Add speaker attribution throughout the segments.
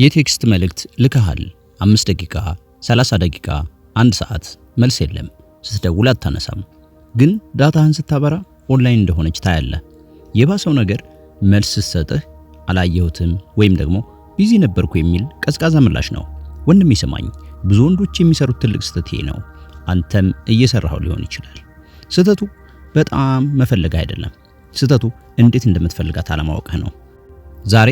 Speaker 1: የቴክስት መልእክት ልከሃል፣ 5 ደቂቃ፣ 30 ደቂቃ፣ አንድ ሰዓት መልስ የለም። ስትደውል አታነሳም። ግን ዳታህን ስታበራ ኦንላይን እንደሆነች ታያለህ። የባሰው ነገር መልስ ስትሰጥህ አላየሁትም ወይም ደግሞ ቢዚ ነበርኩ የሚል ቀዝቃዛ ምላሽ ነው። ወንድሜ ስማኝ፣ ብዙ ወንዶች የሚሰሩት ትልቅ ስህተት ይሄ ነው። አንተም እየሰራው ሊሆን ይችላል። ስህተቱ በጣም መፈለግ አይደለም። ስህተቱ እንዴት እንደምትፈልጋት አለማወቅህ ነው። ዛሬ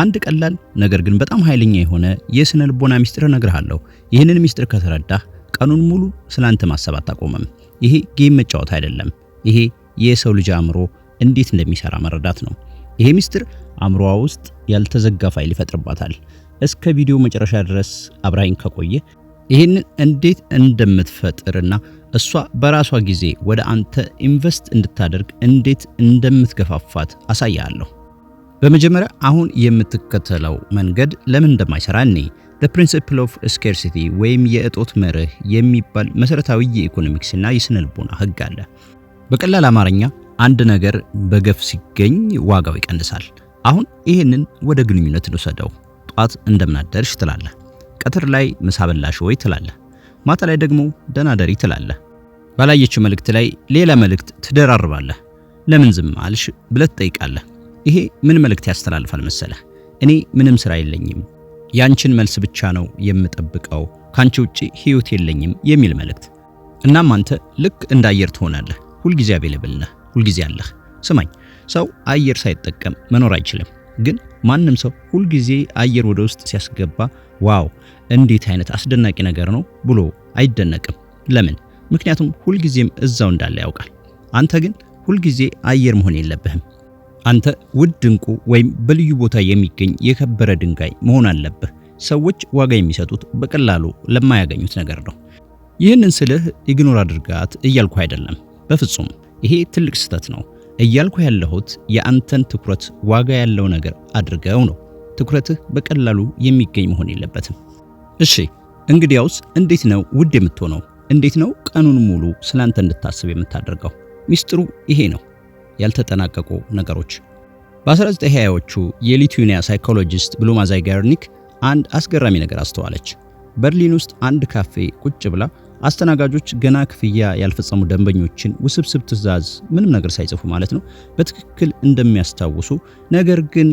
Speaker 1: አንድ ቀላል ነገር ግን በጣም ኃይለኛ የሆነ የስነ ልቦና ሚስጥር እነግርሃለሁ። ይህንን ሚስጥር ከተረዳህ ቀኑን ሙሉ ስላንተ ማሰብ አታቆምም። ይሄ ጌም መጫወት አይደለም። ይሄ የሰው ልጅ አእምሮ እንዴት እንደሚሰራ መረዳት ነው። ይሄ ሚስጥር አእምሮዋ ውስጥ ያልተዘጋ ፋይል ይፈጥርባታል። እስከ ቪዲዮ መጨረሻ ድረስ አብራኝ ከቆየ ይህንን እንዴት እንደምትፈጥርና እሷ በራሷ ጊዜ ወደ አንተ ኢንቨስት እንድታደርግ እንዴት እንደምትገፋፋት አሳያለሁ። በመጀመሪያ አሁን የምትከተለው መንገድ ለምን እንደማይሰራ እኔ ለፕሪንሲፕል ኦፍ ስኬርሲቲ ወይም የእጦት መርህ የሚባል መሰረታዊ የኢኮኖሚክስና የስነልቦና ህግ አለ። በቀላል አማርኛ አንድ ነገር በገፍ ሲገኝ ዋጋው ይቀንሳል። አሁን ይህንን ወደ ግንኙነት እንውሰደው። ጧት እንደምናደርሽ ትላለህ። ቀትር ላይ ምሳ በላሽ ወይ ትላለህ። ማታ ላይ ደግሞ ደናደሪ ትላለ ትላለህ። ባላየችው መልእክት ላይ ሌላ መልእክት ትደራርባለህ። ለምን ዝም አልሽ ብለህ ትጠይቃለህ። ይሄ ምን መልእክት ያስተላልፋል መሰለህ? እኔ ምንም ስራ የለኝም፣ ያንቺን መልስ ብቻ ነው የምጠብቀው፣ ካንቺ ውጪ ህይወት የለኝም የሚል መልእክት። እናም አንተ ልክ እንደ አየር ትሆናለህ፣ ሁልጊዜ አቤለብል ነህ፣ ሁልጊዜ አለህ። ስማኝ፣ ሰው አየር ሳይጠቀም መኖር አይችልም። ግን ማንም ሰው ሁልጊዜ አየር ወደ ውስጥ ሲያስገባ ዋው እንዴት አይነት አስደናቂ ነገር ነው ብሎ አይደነቅም። ለምን? ምክንያቱም ሁልጊዜም እዛው እንዳለ ያውቃል። አንተ ግን ሁልጊዜ አየር መሆን የለብህም። አንተ ውድ ድንቁ ወይም በልዩ ቦታ የሚገኝ የከበረ ድንጋይ መሆን አለብህ። ሰዎች ዋጋ የሚሰጡት በቀላሉ ለማያገኙት ነገር ነው። ይህንን ስልህ ኢግኖር አድርጋት እያልኩ አይደለም፣ በፍጹም ይሄ ትልቅ ስህተት ነው። እያልኩ ያለሁት የአንተን ትኩረት ዋጋ ያለው ነገር አድርገው ነው። ትኩረትህ በቀላሉ የሚገኝ መሆን የለበትም። እሺ እንግዲያውስ እንዴት ነው ውድ የምትሆነው? እንዴት ነው ቀኑን ሙሉ ስላንተ እንድታስብ የምታደርገው? ሚስጥሩ ይሄ ነው። ያልተጠናቀቁ ነገሮች። በ1920ዎቹ የሊቱኒያ ሳይኮሎጂስት ብሉማ ዛይጋርኒክ አንድ አስገራሚ ነገር አስተዋለች። በርሊን ውስጥ አንድ ካፌ ቁጭ ብላ አስተናጋጆች ገና ክፍያ ያልፈጸሙ ደንበኞችን ውስብስብ ትዕዛዝ ምንም ነገር ሳይጽፉ ማለት ነው በትክክል እንደሚያስታውሱ ነገር ግን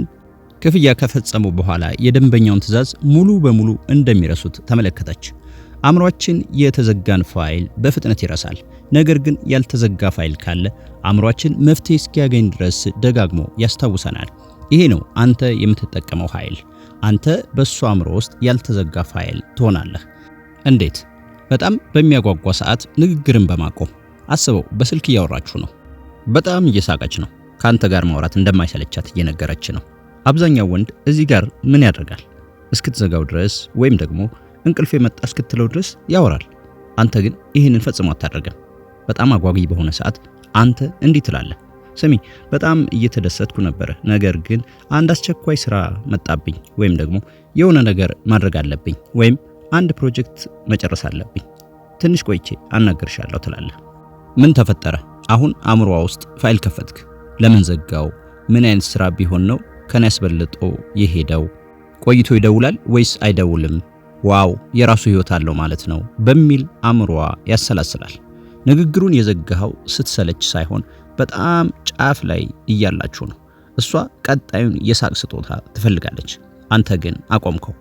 Speaker 1: ክፍያ ከፈጸሙ በኋላ የደንበኛውን ትዕዛዝ ሙሉ በሙሉ እንደሚረሱት ተመለከተች። አእምሯችን የተዘጋን ፋይል በፍጥነት ይረሳል። ነገር ግን ያልተዘጋ ፋይል ካለ አእምሯችን መፍትሄ እስኪያገኝ ድረስ ደጋግሞ ያስታውሰናል። ይሄ ነው አንተ የምትጠቀመው ኃይል። አንተ በሱ አእምሮ ውስጥ ያልተዘጋ ፋይል ትሆናለህ። እንዴት? በጣም በሚያጓጓ ሰዓት ንግግርን በማቆም አስበው። በስልክ እያወራችሁ ነው። በጣም እየሳቀች ነው። ከአንተ ጋር ማውራት እንደማይሰለቻት እየነገረች ነው። አብዛኛው ወንድ እዚህ ጋር ምን ያደርጋል? እስክትዘጋው ድረስ ወይም ደግሞ እንቅልፍ የመጣ እስክትለው ድረስ ያወራል። አንተ ግን ይህንን ፈጽሞ አታደርግም። በጣም አጓጊ በሆነ ሰዓት አንተ እንዲህ ትላለህ። ስሚ በጣም እየተደሰትኩ ነበረ፣ ነገር ግን አንድ አስቸኳይ ስራ መጣብኝ፣ ወይም ደግሞ የሆነ ነገር ማድረግ አለብኝ፣ ወይም አንድ ፕሮጀክት መጨረስ አለብኝ፣ ትንሽ ቆይቼ አናገርሻለሁ ትላለህ። ምን ተፈጠረ? አሁን አምሮዋ ውስጥ ፋይል ከፈትክ። ለምን ዘጋው? ምን አይነት ስራ ቢሆን ነው ከኔ ያስበልጦ የሄደው? ቆይቶ ይደውላል ወይስ አይደውልም? ዋው የራሱ ህይወት አለው ማለት ነው በሚል አእምሯ ያሰላስላል። ንግግሩን የዘጋኸው ስትሰለች ሳይሆን በጣም ጫፍ ላይ እያላችሁ ነው። እሷ ቀጣዩን የሳቅ ስጦታ ትፈልጋለች፣ አንተ ግን አቆምከው።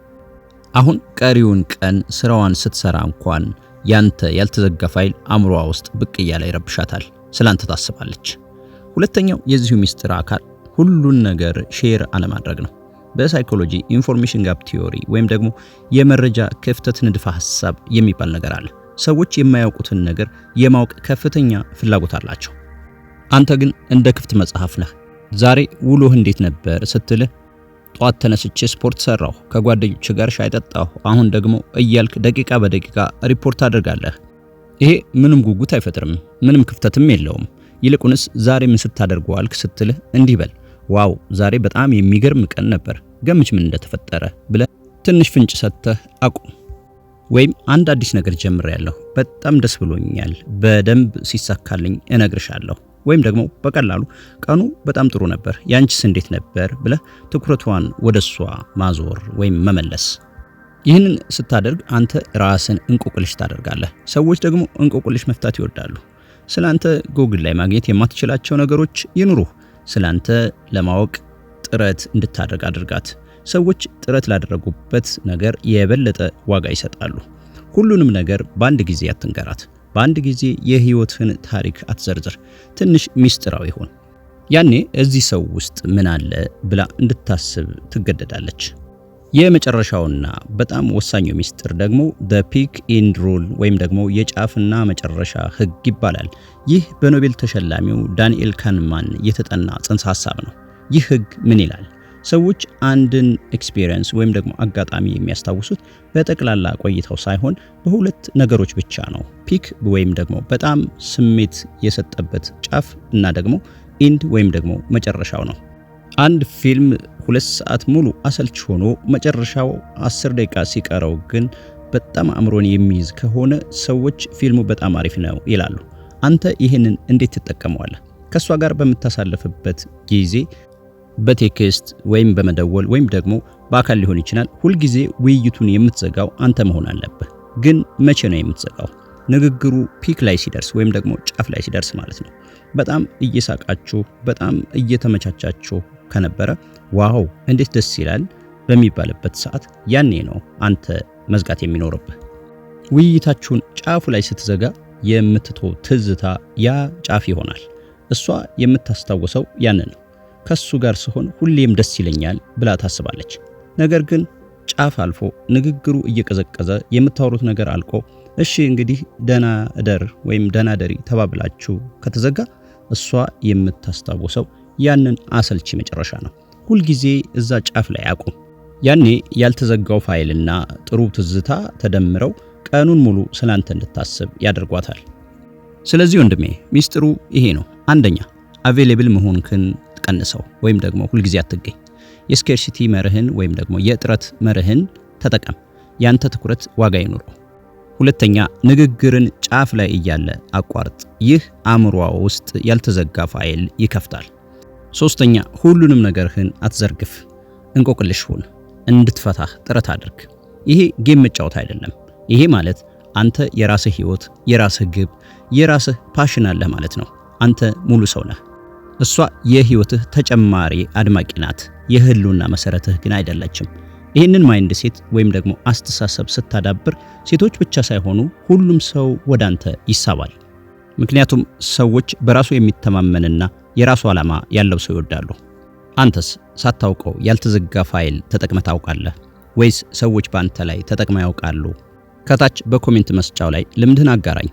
Speaker 1: አሁን ቀሪውን ቀን ስራዋን ስትሰራ እንኳን ያንተ ያልተዘጋ ፋይል አእምሮዋ ውስጥ ብቅ እያለ ይረብሻታል። ስላንተ ታስባለች። ሁለተኛው የዚሁ ሚስጥር አካል ሁሉን ነገር ሼር አለማድረግ ነው። በሳይኮሎጂ ኢንፎርሜሽን ጋፕ ቲዮሪ ወይም ደግሞ የመረጃ ክፍተት ንድፈ ሐሳብ የሚባል ነገር አለ። ሰዎች የማያውቁትን ነገር የማወቅ ከፍተኛ ፍላጎት አላቸው። አንተ ግን እንደ ክፍት መጽሐፍ ነህ። ዛሬ ውሎህ እንዴት ነበር ስትልህ ጧት ተነስቼ ስፖርት ሰራሁ፣ ከጓደኞች ጋር ሻይ ጠጣሁ፣ አሁን ደግሞ እያልክ ደቂቃ በደቂቃ ሪፖርት አድርጋለህ። ይሄ ምንም ጉጉት አይፈጥርም፣ ምንም ክፍተትም የለውም። ይልቁንስ ዛሬ ምን ስታደርገው አልክ ስትልህ እንዲህ በል፣ ዋው ዛሬ በጣም የሚገርም ቀን ነበር፣ ገምች ምን እንደተፈጠረ ብለህ ትንሽ ፍንጭ ሰጥተህ አቁም። ወይም አንድ አዲስ ነገር ጀምሬያለሁ፣ በጣም ደስ ብሎኛል፣ በደንብ ሲሳካልኝ እነግርሻለሁ፣ ወይም ደግሞ በቀላሉ ቀኑ በጣም ጥሩ ነበር፣ ያንቺስ እንዴት ነበር ብለህ ትኩረቷን ወደ እሷ ማዞር ወይም መመለስ። ይህንን ስታደርግ አንተ ራስን እንቆቅልሽ ታደርጋለህ። ሰዎች ደግሞ እንቆቅልሽ መፍታት ይወዳሉ። ስለ አንተ ጎግል ላይ ማግኘት የማትችላቸው ነገሮች ይኑሩ። ስለ አንተ ለማወቅ ጥረት እንድታደርግ አድርጋት። ሰዎች ጥረት ላደረጉበት ነገር የበለጠ ዋጋ ይሰጣሉ። ሁሉንም ነገር በአንድ ጊዜ አትንገራት። በአንድ ጊዜ የህይወትህን ታሪክ አትዘርዝር። ትንሽ ሚስጥራዊ ይሆን። ያኔ እዚህ ሰው ውስጥ ምን አለ ብላ እንድታስብ ትገደዳለች። የመጨረሻውና በጣም ወሳኙ ሚስጥር ደግሞ ዘ ፒክ ኤንድ ሩል ወይም ደግሞ የጫፍና መጨረሻ ህግ ይባላል። ይህ በኖቤል ተሸላሚው ዳንኤል ካንማን የተጠና ጽንሰ ሀሳብ ነው። ይህ ህግ ምን ይላል? ሰዎች አንድን ኤክስፒሪየንስ ወይም ደግሞ አጋጣሚ የሚያስታውሱት በጠቅላላ ቆይታው ሳይሆን በሁለት ነገሮች ብቻ ነው። ፒክ ወይም ደግሞ በጣም ስሜት የሰጠበት ጫፍ እና ደግሞ ኢንድ ወይም ደግሞ መጨረሻው ነው። አንድ ፊልም ሁለት ሰዓት ሙሉ አሰልች ሆኖ መጨረሻው አስር ደቂቃ ሲቀረው ግን በጣም አእምሮን የሚይዝ ከሆነ ሰዎች ፊልሙ በጣም አሪፍ ነው ይላሉ። አንተ ይህንን እንዴት ትጠቀመዋለህ? ከእሷ ጋር በምታሳልፍበት ጊዜ በቴክስት ወይም በመደወል ወይም ደግሞ በአካል ሊሆን ይችላል። ሁልጊዜ ውይይቱን የምትዘጋው አንተ መሆን አለብህ። ግን መቼ ነው የምትዘጋው? ንግግሩ ፒክ ላይ ሲደርስ ወይም ደግሞ ጫፍ ላይ ሲደርስ ማለት ነው። በጣም እየሳቃችሁ በጣም እየተመቻቻችሁ ከነበረ ዋው እንዴት ደስ ይላል በሚባልበት ሰዓት ያኔ ነው አንተ መዝጋት የሚኖርብህ። ውይይታችሁን ጫፉ ላይ ስትዘጋ የምትቶ ትዝታ ያ ጫፍ ይሆናል። እሷ የምታስታውሰው ያንን ነው። ከሱ ጋር ስሆን ሁሌም ደስ ይለኛል ብላ ታስባለች። ነገር ግን ጫፍ አልፎ ንግግሩ እየቀዘቀዘ የምታወሩት ነገር አልቆ እሺ እንግዲህ ደና እደር ወይም ደና ደሪ ተባብላችሁ ከተዘጋ እሷ የምታስታውሰው ያንን አሰልቺ መጨረሻ ነው። ሁልጊዜ እዛ ጫፍ ላይ አቁም። ያኔ ያልተዘጋው ፋይልና ጥሩ ትዝታ ተደምረው ቀኑን ሙሉ ስላንተ እንድታስብ ያደርጓታል። ስለዚህ ወንድሜ ሚስጥሩ ይሄ ነው። አንደኛ አቬሌብል መሆንክን አትቀንሰው ወይም ደግሞ ሁልጊዜ አትገኝ። የስኬርሲቲ መርህን ወይም ደግሞ የእጥረት መርህን ተጠቀም። ያንተ ትኩረት ዋጋ ይኑረው። ሁለተኛ ንግግርን ጫፍ ላይ እያለ አቋርጥ። ይህ አእምሯ ውስጥ ያልተዘጋ ፋይል ይከፍታል። ሶስተኛ ሁሉንም ነገርህን አትዘርግፍ። እንቆቅልሽ ሁን፣ እንድትፈታህ ጥረት አድርግ። ይሄ ጌም መጫወት አይደለም። ይሄ ማለት አንተ የራስህ ህይወት፣ የራስህ ግብ፣ የራስህ ፓሽን አለህ ማለት ነው። አንተ ሙሉ ሰው ነህ። እሷ የህይወትህ ተጨማሪ አድማቂ ናት፣ የህልውና መሰረትህ ግን አይደለችም። ይህንን ማይንድ ሴት ወይም ደግሞ አስተሳሰብ ስታዳብር ሴቶች ብቻ ሳይሆኑ ሁሉም ሰው ወደ አንተ ይሳባል። ምክንያቱም ሰዎች በራሱ የሚተማመንና የራሱ ዓላማ ያለው ሰው ይወዳሉ። አንተስ ሳታውቀው ያልተዘጋ ፋይል ተጠቅመ ታውቃለህ ወይስ ሰዎች በአንተ ላይ ተጠቅመ ያውቃሉ? ከታች በኮሜንት መስጫው ላይ ልምድህን አጋራኝ።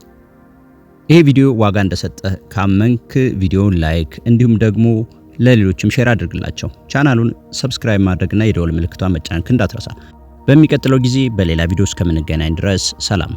Speaker 1: ይሄ ቪዲዮ ዋጋ እንደሰጠህ ካመንክ ቪዲዮውን ላይክ እንዲሁም ደግሞ ለሌሎችም ሼር አድርግላቸው። ቻናሉን ሰብስክራይብ ማድረግና የደወል ምልክቷን መጫንክ እንዳትረሳ። በሚቀጥለው ጊዜ በሌላ ቪዲዮ እስከምንገናኝ ድረስ ሰላም።